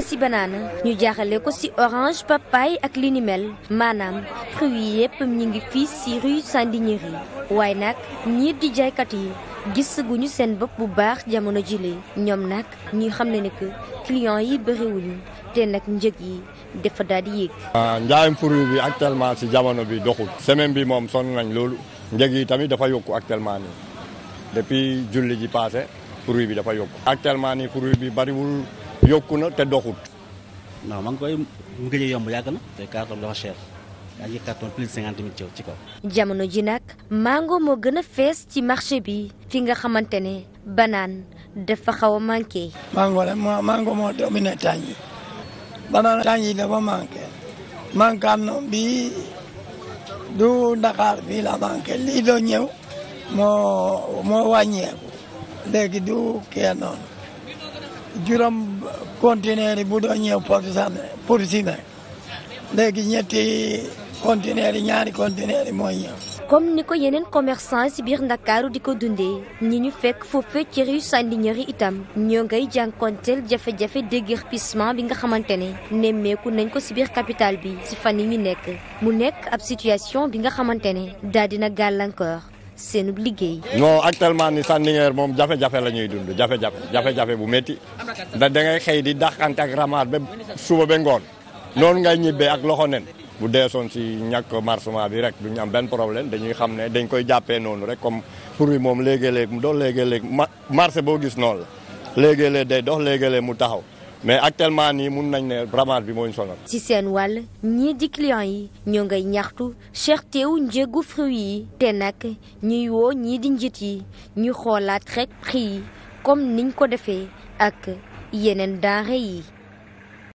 ba ci banaana ñu jaaxale ko ci orange papaye ak li ni mel maanaam fruit yi yépp ñu ngi fii ci rue Sandiniéry waaye nag ñii di jaaykat yi gis gisaguñu seen bopp bu baax jamono jile ñoom nag ñuy xam ne ni que yi bëriwuñu te nag njëg yi dafa daal di yéeg. Ah, njaayam fruit bi actuellement ci jamono bi doxul semaine bi moom sonn nañ loolu njëg yi tamit dafa yokk actuellement nii depuis julli ji passé fruit bi dafa yokk actuellement nii fruit bi bariwul. yokku na te doxut. non maa koy mu a yomb yàgg na te carton dafa cher ay carton ci kaw. jamono ji nag mango moo gën a fees ci marché bi fi nga xamante ne banaan dafa xaw a manqué. mango la moo mango moo dominé du Dakar bii la manqué lii doo ñëw moo wàññeeku léegi du kee noonu. juróom conteneur yi bu doon ñëw pour Sida léegi ñetti conteneur yi ñaari conteneur mooy ñëw. comme ni ko yeneen commerçant si biir Ndakaaru di ko dundee ñi ñu fekk foofee ci rue Sandiniéry itam ñoo ngay jànkonteel jafe-jafe déguerpissement bi nga xamante ne nemmeeku nañ ko si biir capitale bi si fan yi ñu nekk mu nekk ab situation bi nga xamante ne daal na gàllankoor. seenub liggéey. non actuellement ni Sandingheer moom jafe-jafe la ñuy dund jafe-jafe jafe bu métti da dangay xëy di dax ak ramaat ba suba ba ngoon noonu ngay ñibbee ak loxo nen. bu deesoon si ñàkk marchement bi rek duñu am benn problème dañuy xam ne dañ koy jàppee noonu rek comme pour moom léegi-léeg mu dox léegi-léeg marché boo gis noon la léegi-léeg day dox léegi-léeg mu taxaw. mais actuellement nii mun nañ ne ramage bi mooy ñu sonal. ci seen wàll ñii di clients yi ñoo ngay ñaxtu chertéew njëgu fruits yi te nag ñuy woo ñii di njit yi ñu xoolaat rekk prix yi comme niñ ko defee ak yeneen denrée yi.